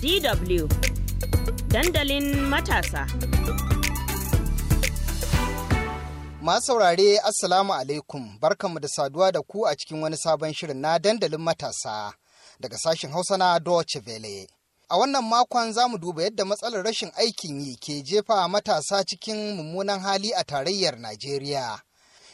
DW dandalin matasa. Masu saurare Assalamu alaikum barkanmu da saduwa da ku a cikin wani sabon shirin na dandalin matasa daga sashen Hausa na Deutsche Welle. A wannan makon za mu duba yadda matsalar rashin aikin yi ke jefa matasa cikin mummunan hali a tarayyar Najeriya.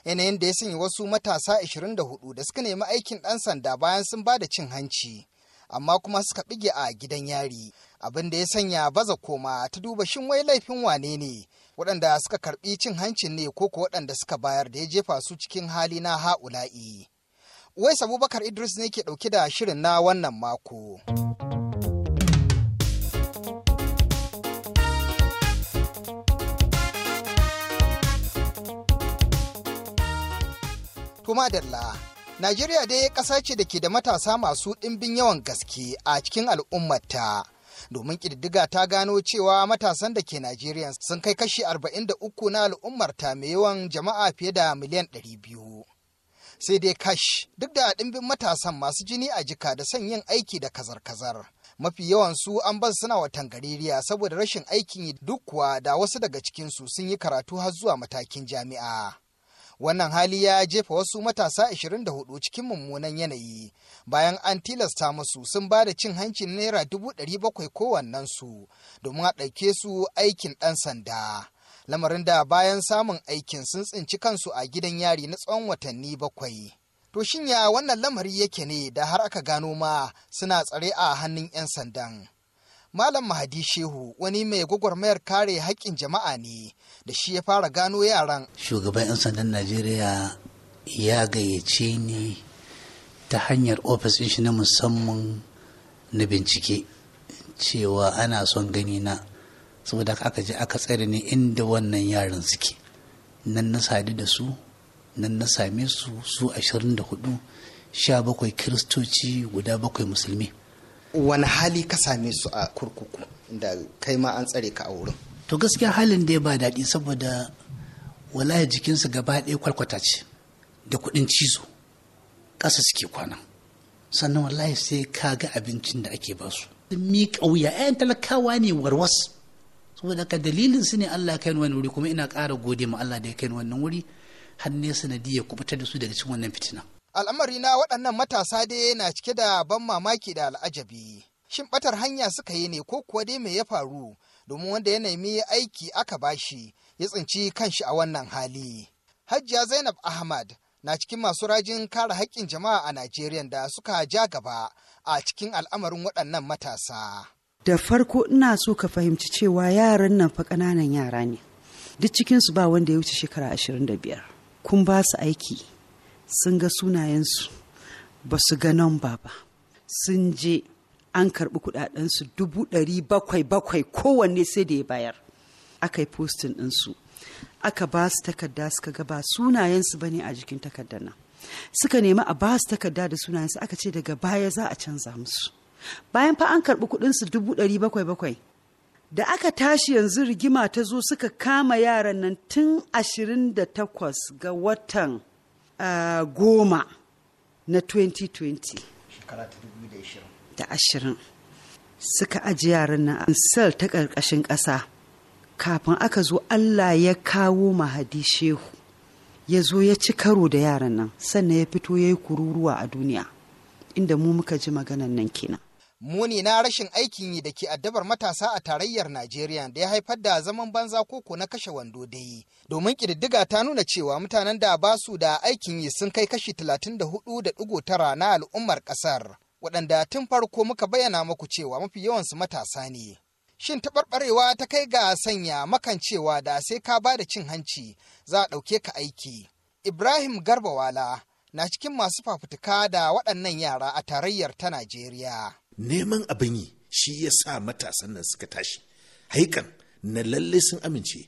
Yanayin da ya sanya wasu matasa 24 da suka nemi aikin ɗan sanda bayan sun ba da cin hanci. amma kuma suka bige a gidan yari abin da ya sanya baza koma ta duba shin wai laifin wane ne waɗanda suka karɓi cin hancin ne ko ko waɗanda suka bayar da ya jefa su cikin hali na ha'ula'i wai abubakar idris ne ke ɗauke da shirin na wannan mako. kuma Najeriya dai ƙasa ce da ke da matasa masu ɗimbin yawan gaske a cikin al'ummarta Domin ƙididdiga ta gano cewa matasan da ke Najeriya sun kai kashi 43 na al'ummarta mai yawan jama'a fiye da miliyan 200. Sai dai kash duk da ɗimbin matasan masu jini a jika da son yin aiki da kazar-kazar. mafi yawan su an bar suna wa gaririya saboda rashin aikin yi duk kuwa da wasu daga cikinsu sun yi karatu har zuwa matakin jami'a. wannan hali ya jefa wasu matasa 24 cikin mummunan yanayi bayan an tilasta musu sun ba da cin hancin naira 700 kowannensu domin a ɗauke su aikin ɗan sanda lamarin da bayan samun aikin sun tsinci kansu a gidan yari na tsawon watanni bakwai to shin wannan lamari yake ne da har aka gano ma suna tsare a hannun 'yan sandan Malam Mahadi Shehu wani mai gwagwarmayar kare haƙƙin jama'a ne da shi ya fara gano yaran. Shugaban 'yan sandan Najeriya ya gayyace ni ta hanyar ofis shi na musamman na bincike cewa ana son gani na saboda aka je aka tsare ne inda wannan yaran suke nan na sadu da su nan na same su su 24 sha bakwai kiristoci guda bakwai musulmi wani hali ka same su a kurkuku da kai ma an tsare ka a wurin to gaskiya halin da ba daɗi saboda walaya jikinsu gaba ɗaya kwalkwata ce da kuɗin cizo ƙasa suke kwana sannan walaya sai ka ga abincin da ake basu mi ƙauya 'ya'yan talakawa ne warwas saboda ka dalilin su ne Allah kai wani wuri kuma ina ƙara gode ma Allah da ya kai wannan wuri har ne sanadiyar kubutar da su daga cikin wannan fitina al'amari na waɗannan matasa dai na cike da ban mamaki da al'ajabi shin ɓatar hanya suka yi ne ko kuwa dai me ya faru domin wanda ya nemi aiki aka bashi ya tsinci kan shi a wannan hali hajjiya zainab ahmad na cikin masu rajin kare haƙƙin jama'a a Najeriya da suka ja gaba a cikin al'amarin waɗannan matasa. Da farko ina so ka fahimci cewa yaran nan fa ƙananan yara ne. Duk cikinsu ba wanda ya wuce shekara ashirin da biyar. Kun ba su aiki sun ga sunayensu ba su ga nan ba ba sun je an karɓi kuɗaɗensu dubu ɗari bakwai bakwai kowanne sai da ya bayar aka yi postin ɗinsu aka ba su takarda suka ga ba sunayensu ba ne a jikin takardar nan suka nemi a ba su takarda da sunayensu aka ce daga baya za a canza musu bayan fa an karɓi kuɗinsu dubu ɗari bakwai bakwai da aka tashi yanzu rigima ta zo suka kama yaran nan tun ashirin da takwas ga watan goma na 2020 da ashirin suka aji yaran nan a sel ta ƙarƙashin ƙasa kafin aka zo allah ya kawo mahadi shehu ya zo ya ci karo da yaran nan sannan ya fito ya yi kururuwa a duniya inda mu muka ji maganan nan kenan muni na rashin aikin yi da ke addabar matasa a tarayyar Najeriya da ya haifar da zaman banza koko na kashe wando dai. Domin ƙididdiga ta nuna cewa mutanen da ba su da aikin yi sun kai kashi 34.9 na al'ummar ƙasar, waɗanda tun farko muka bayyana muku cewa mafi yawansu matasa ne. Shin taɓarɓarewa ta kai ga sanya makan cewa da sai ka ba da cin hanci za a ɗauke ka aiki. Ibrahim Garbawala na cikin masu fafutuka da waɗannan yara a tarayyar ta Najeriya. neman abin yi shi ya sa matasan nan suka tashi haikan na lallai sun amince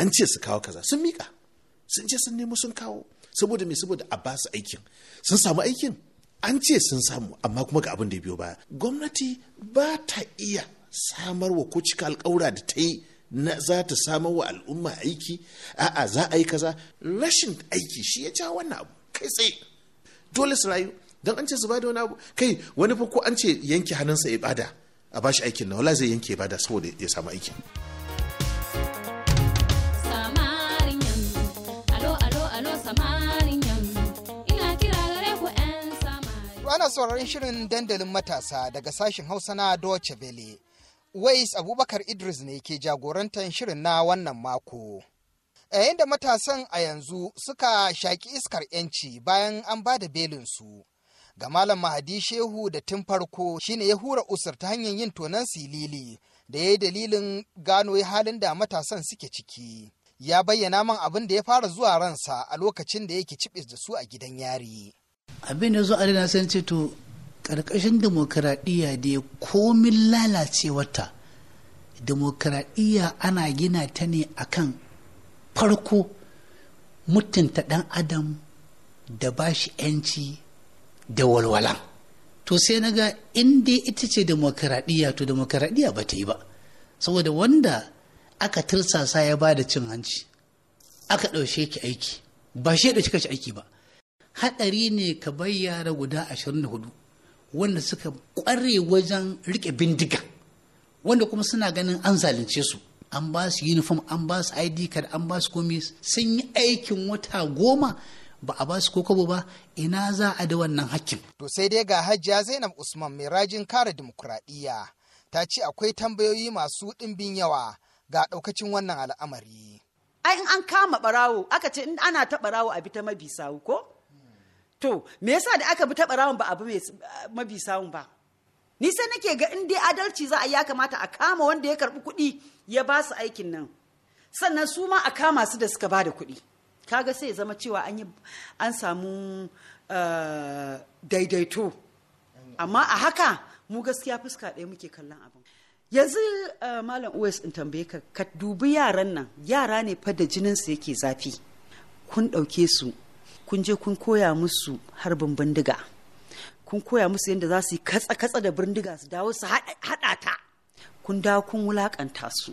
an ce su kawo kaza sun mika sun ce sun nemo sun kawo saboda me saboda a basu aikin sun samu aikin an ce sun samu amma kuma ga abin da ya biyo baya gwamnati ba ta iya samarwa ko cika alƙawura da ta yi na za ta samar wa al'umma aiki a'a za a yi kaza rashin aiki shi ya ja wannan abu kai tsaye dole su rayu dan an ce su bada wani abu kai wani fa ko an ce yanke hannunsa ya bada a bashi aikin na wala zai yanke bada saboda ya samu aikin ana sauraron shirin dandalin matasa daga sashen hausa na Deutsche Welle. Wais Abubakar Idris ne ke jagorantar shirin na wannan mako. Yayin da matasan a yanzu suka shaki iskar 'yanci bayan an ba da belinsu, ga Malam Mahadi Shehu da tun farko shine ya hura usur ta hanyar yin tonan silili da ya yi dalilin gano halin da matasan suke ciki. Ya bayyana man abin da ya fara zuwa ransa a lokacin da yake cibis da su a gidan yari. Abin da zo a na san ce to karkashin dimokuraɗiyya da ya komin lalacewata dimokuraɗiyya ana gina ta ne akan farko mutunta ɗan adam da bashi 'yanci da walwala to sai na ga in dai ita ce demokaradiyya to demokaradiyya ba ta yi ba saboda wanda aka tirsasa ya ba da cin hanci aka ɗaushe ki aiki ba shi da kika ci aiki ba haɗari ne ka guda ashirin da hudu wanda suka ƙware wajen riƙe bindiga wanda kuma suna ganin an zalunce su an ba su uniform an ba su id card an ba su komi sun yi aikin wata goma ba a ba su ko kobo ba ina za a da wannan hakkin. To sai dai ga Hajjiya Zainab Usman mai rajin kare dimokuraɗiyya ta ce akwai tambayoyi masu ɗimbin yawa ga ɗaukacin wannan al'amari. Ai in an kama ɓarawo aka ce in ana ta ɓarawo a bi ta mabi sawu ko? To me yasa da aka bi ta ɓarawon ba a bi eh, sawun ba? Ni sai nake ga in dai adalci za a ya kamata a kama wanda ya karɓi kuɗi ya ba su aikin nan. Sannan su ma a kama su da suka ba da kuɗi. kaga sai zama cewa an yi an samu eh, daidaito amma a haka mu gaskiya fuska ɗaya muke kallon abin yanzu eh, malam us in tambaye ka ka dubi yaran nan yara ne fa da jinin su yake zafi kun ɗauke su kun je kun koya musu harbin bindiga kun koya musu yadda za su yi katsa-katsa da bindiga su dawo su haɗa ta kun dawo kun wulaƙanta su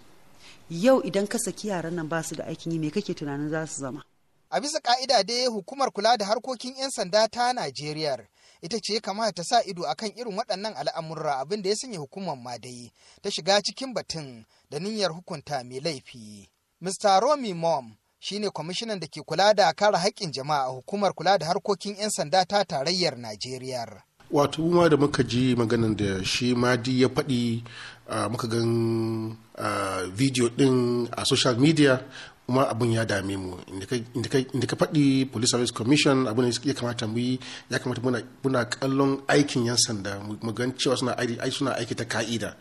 yau idan ka saki yaran nan ba su da aikin yi me kake tunanin za su zama A bisa ka'ida dai hukumar kula da harkokin 'yan sanda ta Najeriya ita ce kamata ta sa ido akan irin waɗannan al'amurra abin da ya sanya hukumar dai ta shiga cikin batun da niyyar hukunta mai laifi. Mr. Romy Mom shine kwamishinan da ke kula da kare haƙƙin jama'a a hukumar kula da harkokin 'yan sanda ta tarayyar Najeriya. wato ma da muka ji maganan da shi madi ya faɗi ah, muka gan ah, video ɗin a social media kuma abun ya dame mu inda ka faɗi police service commission abun da ya kamata mu yi ya kamata muna kallon aikin yan sanda mu gan cewa suna aiki ta ka'ida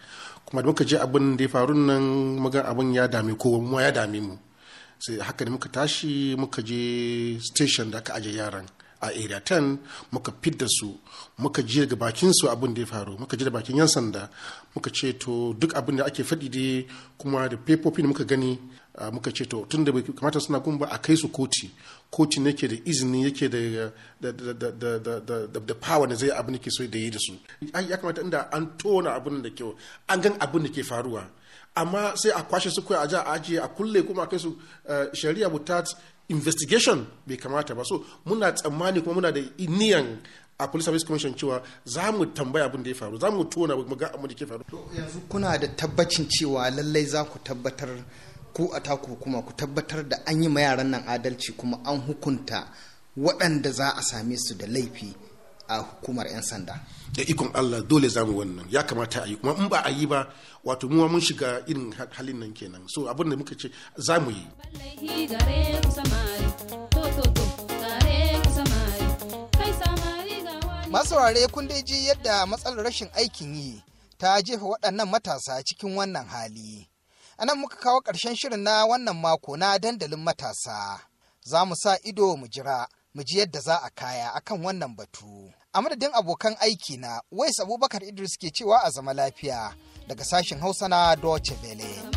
kuma da muka je abin da ya faru nan muga abin ya dame kowa mu ya dame mu sai haka ne muka tashi muka je station da aka aje yaran a area 10 muka fidda su muka je daga bakin su abin da ya faru muka je da bakin yan sanda muka ce to duk abin da ake faɗi dai kuma da fefofin da muka gani Ah, muka ce to tun da bai kamata suna gun ba a kai su koti koti ne ke da izini yake da da power da zai abin da ke so da yi da su ya kamata inda an tona abin da kyau an gan abin da ke faruwa amma sai a kwashe su kai a ja a ajiye a kulle kuma a kai su eh, shari'a without investigation bai kamata ba so muna tsammani kuma muna da niyan a police service commission cewa za mu tambaya abin da ya faru za mu tona mu ga abin da ke faru yanzu kuna da tabbacin cewa lallai za ku tabbatar ku a taku kuma ku tabbatar da an yi ma yaran nan adalci kuma an hukunta waɗanda za a same su da laifi a hukumar 'yan sanda da ikon Allah dole zamu wannan ya kamata a yi kuma in ba a yi ba wato muwa mun shiga irin halin nan kenan so abin da muka ce za mu yi masaurare kun dai ji yadda matsalar rashin aikin yi ta jefa waɗannan matasa cikin wannan hali a nan muka kawo ƙarshen shirin na wannan mako na dandalin matasa za mu sa ido mu jira mu ji yadda za a kaya akan wannan batu a madadin abokan aiki na wais abubakar idris ke cewa a zama lafiya daga sashen hausa na Deutsche